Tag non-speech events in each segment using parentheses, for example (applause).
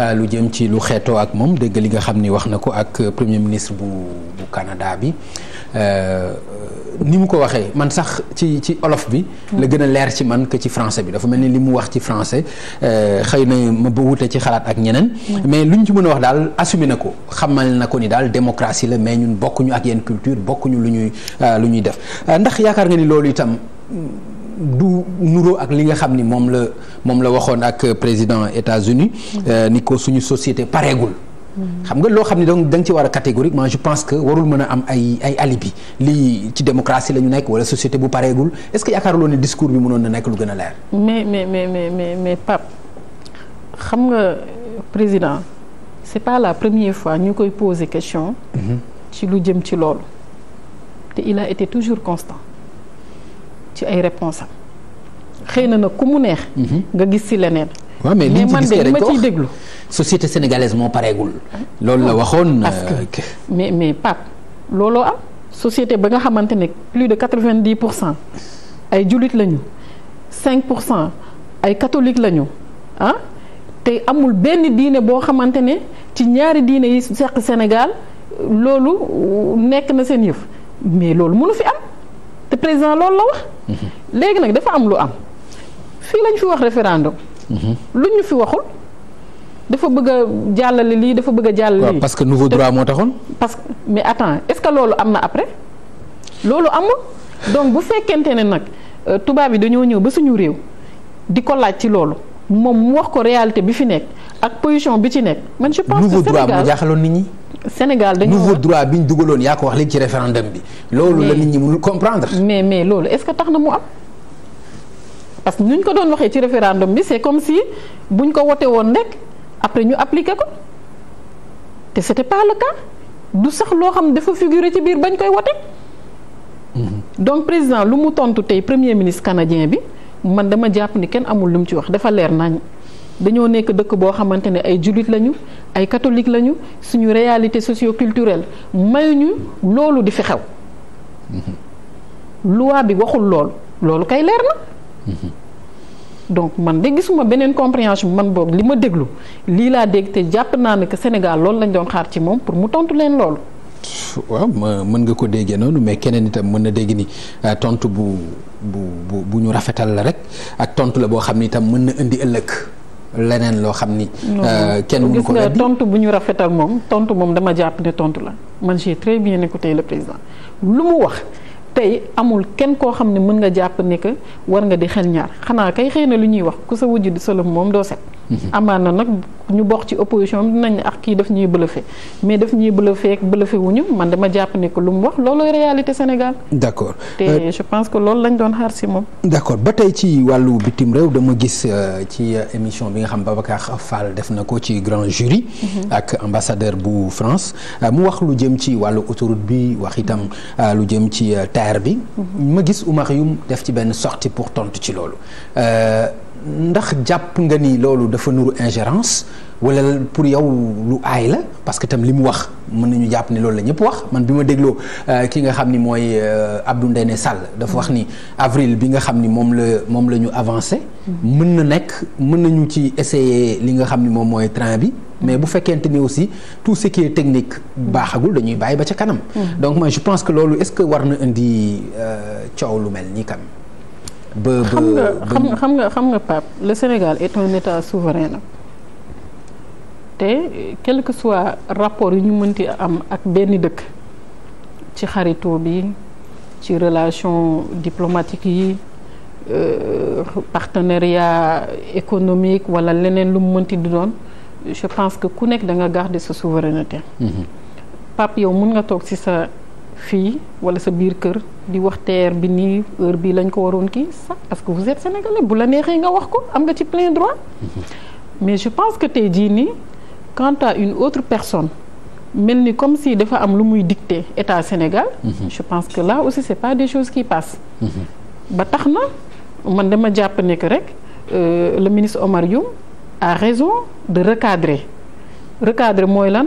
Euh, lu jëm ci lu xeetoo ak moom dégg li nga xam ni wax na ko ak premier ministre bu bu Canada bi euh, ni mu ko waxee man sax ci ci olof bi. Hmm. la gën a leer ci man que ci francais bi dafa mel ni li mu wax ci francais euh, xëy na ma ba wute ci xalaat ak ñeneen. Hmm. mais lu ñu ci mën a wax daal assumé na ko xamal na ko ni daal démocratie la mais ñun bokkuñu ak yenn culture bokkuñu lu ñuy lu ñuy def ndax yaakaar nga ni loolu itam. du nuroo ak li nga xam ni moom la moom la waxoon ak président États-Unis mm-hmm. euh, ni ko suñu société pareegul. Mm-hmm. xam nga loo xam ne donc da ci war a catégoriquement je pense que warul mën a am ay ay alibi lii ci démocratie la ñu nekk wala société bu pareegul est-ce que yaakaaruloo ne discours bi mënoon na nekk lu gën a leer. mais mais mais mais mais Pape xam nga président c'est pas la première fois ñu koy poser question. Mm-hmm. ci lu jëm ci loolu. te il a été toujours constant. ci ay réponses am xëy na nag ku mu neex. Mhm. nga gis si leneen. waaw mais liñ ci dañ ko mais man de ma ciy déglu. société sénégalaise moo pareegul. loolu la oh, waxoon. Euh, parce mais mais Pape looloo am société ba nga xamante ne plus de quatre vingt dix pour cent ay jullit lañu cinq pour cent ay catholique lañu ah te amul benn diine boo xamante ne ci ñaari diine yi seq Sénégal loolu nekk na seen yëf mais loolu mënu fi am. te président loolu la wax. léegi nag dafa am lu am fii lañu fi wax référendum. Mhm. lu ñu fi waxul. dafa bëgg a jàllale lii dafa bëgg a jàllale lii. parce que nouveau droit moo taxoon. parce que mais attends est-ce que loolu am na après loolu amul donc bu fekkente ne nag euh, tubaab yi dañoo ñëw ba suñu réew di ko laaj ci loolu. moom mu wax ko réalité bi fi nekk ak position bi ci nekk. man je pense nouveau que droit jaaxaloon nit ñi. Sénégal dañoo nouveau droit bi ñu dugaloon yaa ko wax léegi ci référendum bi. loolu la nit ñi mënul comprendre. mais mais loolu est-ce que tax na mu am. parce que ñu ko doon waxee ci référendum bi c'est comme si ñu ko wote woon rek après ñu appliquer ko te c'était pas le cas du sax loo xam dafa figurer ci biir bañ koy wote mhm. donc président lu mu tontu tey premier ministre canadien bi. man dama jàpp ni kenn amul lu mu ci wax dafa leer nañ dañoo nekk dëkk boo xamante ne ay jullit lañu ay catholique lañu suñu réalité socio-culturelle mayuñu loolu di fi xew. Mm-hmm. loi bi waxul lool loolu kay leer na. Mm-hmm. donc man de gisuma beneen compréhension man boog li ma déglu lii laa dégg te jàpp naa ne que Sénégal loolu lañ doon xaar ci moom pour mu tontu leen loolu. waaw ma mën nga ko déggee noonu mais keneen itam mën na dégg ni ah, tontu bu bu bu bu ñu rafetal la rek ak tontu la boo xam ni itam mën na indi ëllëg leneen loo xam ni. Ah, kenn mënu ko gis nga tontu bu ñu rafetal moom tontu moom dama jàpp ne tontu la man j'ai très bien écouté le président lu mu wax. tey amul kenn koo xam ne mën nga jàpp ne que war nga di xel ñaar xanaa kay xëy na lu ñuy wax ku sa wujj di solom moom doo set Mhm. amaan na nag ñu bokk ci opposition dinañ ne ak ah, kii def ñuy bëlëfe mais daf ñuy bëlëfee ak bëlëfe wuñu man dama jàpp ne que lu mu wax loolooy réalité Sénégal. d' accord te euh, je pense que loolu lañ doon xaar si moom. d' ba tey ci wàllu bitim réew dama gis euh, ci euh, émission bi nga xam Babacar Fall def na ko ci grand jury. Mhm. ak ambassadeur bu France mu wax lu jëm ci wàllu autoroute bi wax itam lu jëm ci terre bi. Mhm. ma gis Oumar Youm def ci benn sortie pour tontu ci loolu. ndax jàpp nga ni loolu dafa nuru ingérance wala pour yow lu aay la parce que tam li mu wax mën nañu jàpp ni loolu la ñëpp wax man bi ma dégloo euh, ki nga xam ni mooy euh, Abdou Ndéné Sall dafa wax ni avril bi nga xam ni moom la moom la ñu avancé mën na nekk mën nañu ci essayer li nga xam ni moom mooy train bi mais bu fekkente ni aussi tout ce qui est technique baaxagul dañuy bàyyi ba ca kanam mm. donc je pense que loolu est-ce que war na indi euh, coow lu mel nii quand ba xam nga xam nga xam nga Pape le Sénégal est un état souverain te quel que soit rapport yu ñu mënti am ak benn dëkk ci xarito bi ci relation diplomatique yi euh, partenariat économique wala leneen lu mu mënti di doon je pense que ku nekk da nga garder sa souveraineté. Mm-hmm. Pape yow mën nga toog ci sa. fii wala sa biir kër di wax teer bi nii heure bii lañ ko waroon kii sax parce que vous êtes sénégalais bu la neexee nga wax ko am nga ci plein droit mm-hmm. mais je pense que tey jii nii quant à une autre personne mel ni comme si dafa am lu muy dicté état Sénégal mm-hmm. je pense que là aussi c'est pas des choses qui passent mm-hmm. ba tax na man dama jàpp ne que rek euh, le ministre Omar Youm a raison de recadrer recadrer mooy lan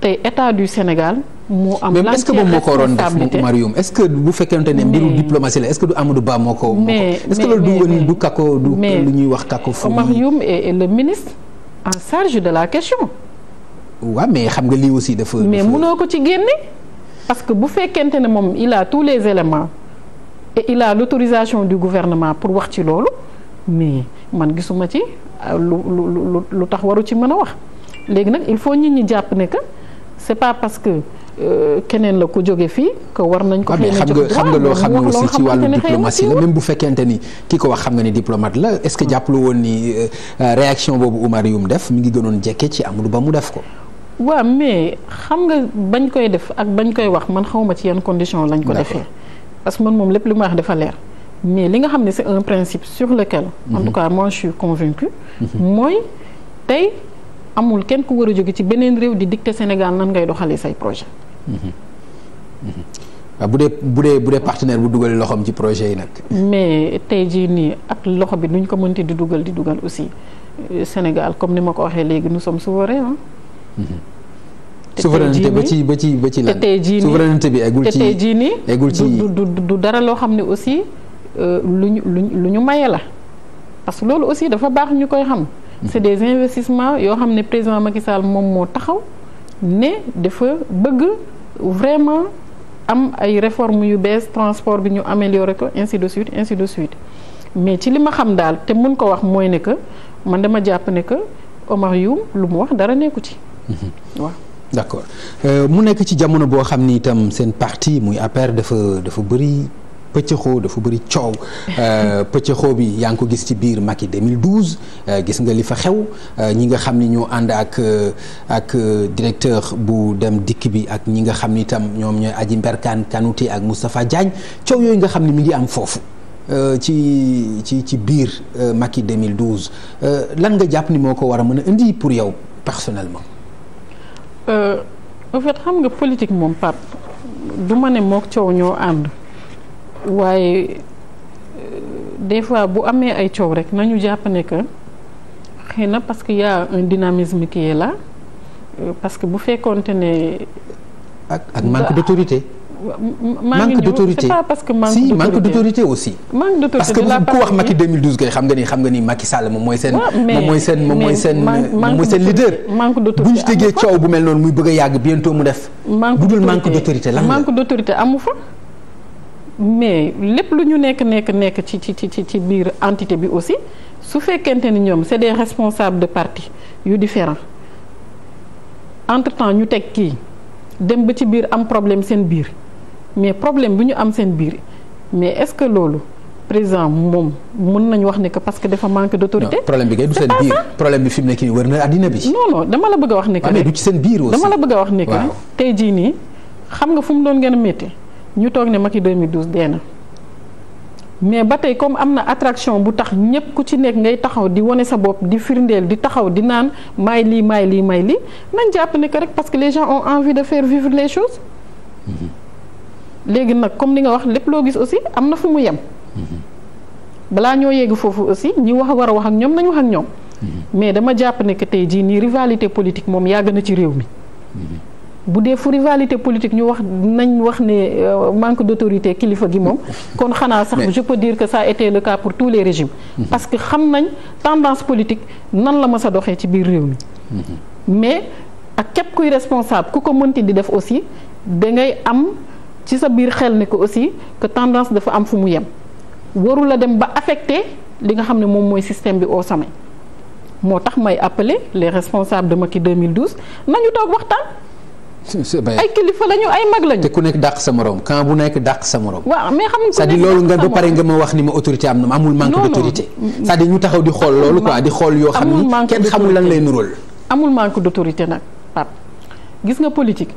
tey état du Sénégal moo am mais est moom moo ko waroon def Mariam est-ce que bu fekkente ne mbiru diplomatie la est-ce que du Amadou Ba moo ko. mais est-ce lu ñuy wax kako fu Mariam est le ministre de la question. waaw mais xam nga lii aussi dafa. mais mënoo ko ci génne. parce que bu fekkente ne moom il a les éléments et il a l'autorisation du gouvernement pour wax ci loolu mais man gisuma ci euh, lu lu lu tax waru ci mën a wax léegi nag il faut nit ñi jàpp ne que. c'est pas parce que euh, keneen la ko jóge fii que war nañ ko. Ah, xëy na jox xam nga loo xam ne aussi ci wàllu diplomatie la même bu fekkente ni ki ko wax xam nga ni diplomate la est-ce que ah. jàppalu woon ni euh, réaction boobu Oumar Youm def mi ngi gënoon jekke ci Amadou Ba mu def ko. waaw mais xam nga bañ koy def ak bañ koy wax man xawma ci yenn condition lañ ko defee. parce que man moom lépp li ma wax dafa leer. mais li nga xam ne c'est un principe sur lequel. en mhm. tout cas moi je suis convaincu. Mhm. mooy amul kenn ku war a jóge ci beneen réew di dicter Sénégal nan ngay doxalee say projet ah, bu dee bu dee bu dee partenaire bu dugalee loxoom ci projet yi nag. mais tey jii nii ak loxo bi duñ ko mënti di dugal di dugal aussi euh, Sénégal comme ni ma ko waxee léegi nous sommes souverains mm-hmm. souveraineté ba ci ba ci ba ci lan tey jii nii ak bi eggul ci jii nii eggul ci du du dara loo xam ne aussi euh, lu ñu lu ñu maye la parce que loolu aussi dafa baax ñu koy xam. c'est des investissement yoo xam ne président Macky Sall moom moo taxaw ne dafa bëgg vraiment am ay réformes yu bees transport bi ñu améliorer ko ainsi de suite ainsi de suite mais ci li ma xam daal te mun ko wax mooy ne que man dama jàpp ne que Omar Youm lu mu wax dara nekku ci. Mm-hmm. waaw. d'accord euh, mu nekk ci jamono boo xam ni itam seen parti muy APR dafa dafa bëri. pëccëxoo dafa bëri coow euh, pëccëxoo bi yaa ngi ko gis ci biir Macky 2012 euh, gis nga li fa xew euh, ñi nga xam ni ñoo ànd ak ak directeur bu dem dikk bi ak ñi nga xam ni itam ñoom ñooy Aji Mberkane Kanouté ak Moustapha Diagne coow yooyu nga xam ni mi ngi am foofu ci ci ci biir Macky 2012 lan nga jàpp ni moo ko war a mën a indi pour yow personnellement. en fait xam nga politique moom Pape du ma ne mook coow ñoo ànd. waaye euh, des fois bu amee ay coow rek nañu jàpp ne que xëy na parce que y a un dynamisme qui est là euh, parce bu fekkoonte ne. ak ak manque d'autorité. manque d'autorité c'est pas parce que manque si, d'autorité manque d'autorité aussi. manque ku wax Macky 2012 xam nga ni xam nga ni Macky Sall moom mooy seen. moom mooy seen moom mooy seen moom mooy seen leader. manque d'autorité bu ñu tegee coow bu mel noonu muy bëgg a yàgg bientôt mu def. manque d'autorité budul manque d'autorité la manque d'autorité amu fa. mais lépp lu ñu nekk nekk nekk ci ci ci ci biir entité bi aussi su fekkente ni ñoom c'est des responsables de parti yu différents entre-temps ñu teg kii dem ba ci biir am problème seen biir mais problème bi ñu am seen biir mais est-ce que loolu président moom mën nañu wax ne que parce que dafa manque d'autorité. problème bi kay du seen biir problème bi fi nekk nii wër na àddina bi. non non dama la bëgg a wax ne que. Ah, du ci seen biir aussi dama la bëgg a wax ne que. tey jii nii xam nga fu mu doon a métti. ñu toog ne Macky 2012 dee na mais ba tey comme am na attraction bu tax ñëpp ku ci nekk ngay taxaw di wane sa bopp di firndeel di taxaw di naan maay lii may lii maay lii nañ jàpp ne que rek parce que les gens ont envie de faire vivre les choses mm-hmm. léegi nag comme li nga wax lépp loo gis aussi am na fu mu yem mm-hmm. balaa ñoo yegg foofu aussi ñi wax war a wax ak ñoom nañ wax ak ñoom mm-hmm. mais dama jàpp ne que tey jii nii rivalité politique moom yàgg na ci réew mi bu dee fu rivalité politique ñu wax nañ wax ne euh, manque d'autorité kilifa gi moom kon xanaa sax je peux dire que ça a été le cas pour tous les régimes mm-hmm. parce que xam nañ tendance politique nan la mës a doxee ci biir réew mi mm-hmm. mais ak képp kuy responsable ku ko mënti di def aussi da ngay am ci sa biir xel ne ko aussi que tendance dafa am fu mu yem waru la dem ba affecté li nga xam ne moom mooy système bi au sommet moo tax may appeler les responsables de Macky 2012 nañu toog waxtaan ay kilifa lañu ay mag lañu. te ku nekk dàq sa morom camp bu nekk dàq sa morom. waaw mais xam nga c'est-à-dire loolu nga ba pare nga ma wax ni ma autorité am na amul manque d'autorité. cest à ñu taxaw di xool loolu quoi di xool yoo xam ni kenn xamul lan lay nural. amul manque d'autorité nag Pape nga politique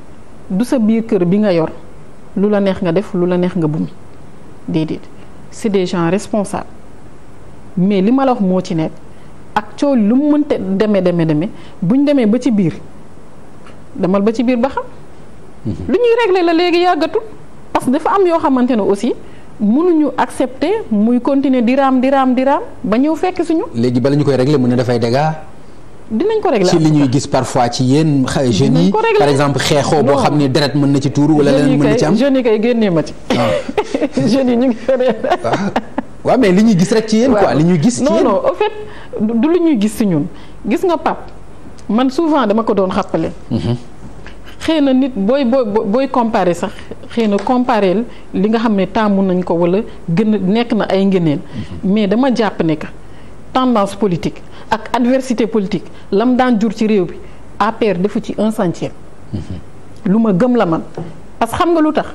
du sa biir kër bi nga yor lu la neex nga def lu la neex nga bumi déedéet c'est des gens responsables mais li ma la wax moo ci nekk ak coow lu mu mënte demee demee demee buñ demee ba ci biir. demal ba ci biir ba xam. Mhm. lu ñuy régler la léegi yàggatu parce que dafa am yoo xamante ne aussi mënuñu accepter muy continuer di raam di raam di raam ba ñëw fekk suñu. léegi ba bala ñu koy régler mu ne dafay dégâts. dinañ ko régler ci li ñuy gis parfois ci yéen. jeunes yi par exemple xeexoo boo xam ne deret mën na ci tuuru. wala leneen mën na ci am jeunes yi kay génnee ma ci. Ah. (laughs) jeunes yi ñu ngi waaw ah. mais li ñuy gis rek ci yéen. quoi li ñuy gis ci yéen non non au fait du ñuy gis si ñun gis nga Pape. man souvent dama ko doon xàppale mhm. xëy na nit booy booy booy comparer sax xëy na comparer li nga xam ne taamu nañ ko wala gën nekk na ay ngëneel mhm. mais dama jàpp ne que tendance politique ak adversité politique lam daan jur ci réew bi APR defu ci un mhm. lu ma gëm la man parce que xam nga lu tax.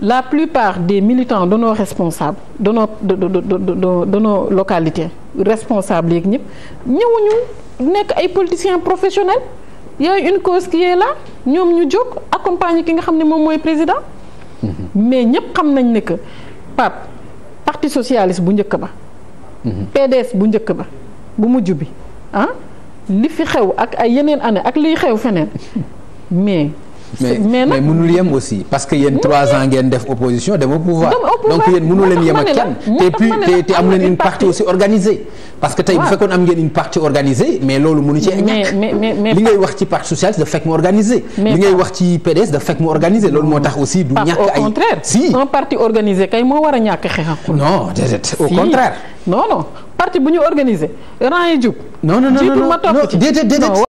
la plupart des militants de nos responsables de nos de de de de ñëpp ñëwuñu nekk ay politiciens professionnels y a une cause qui est ñoom ñu jóg accompagner ki nga xam ne moom mooy président. Mm-hmm. mais ñëpp xam nañ ne que Pape parti socialiste bu njëkk ba. Mm-hmm. PDS bu njëkk ba bu mujj bi ah li fi xew ak ay yeneen année ak liy xew feneen (laughs) mais. mais mais mënul yem aussi parce que yéen trois ans ngeen def opposition dem pouvoir donc yéen mënu yem ak kenn te am leen une partie aussi organisée parce que tey bu fekkoon am ngeen une partie organisée mais loolu mënu ci ñàkk li ngay wax ci parti socialiste da fekk mu organisé loolu moo tax aussi du ñàkk ay si un parti organisé kay moo war ñàkk xeexam non déedéet au contraire non non parti bu ñu organisé rang yi jub non non non non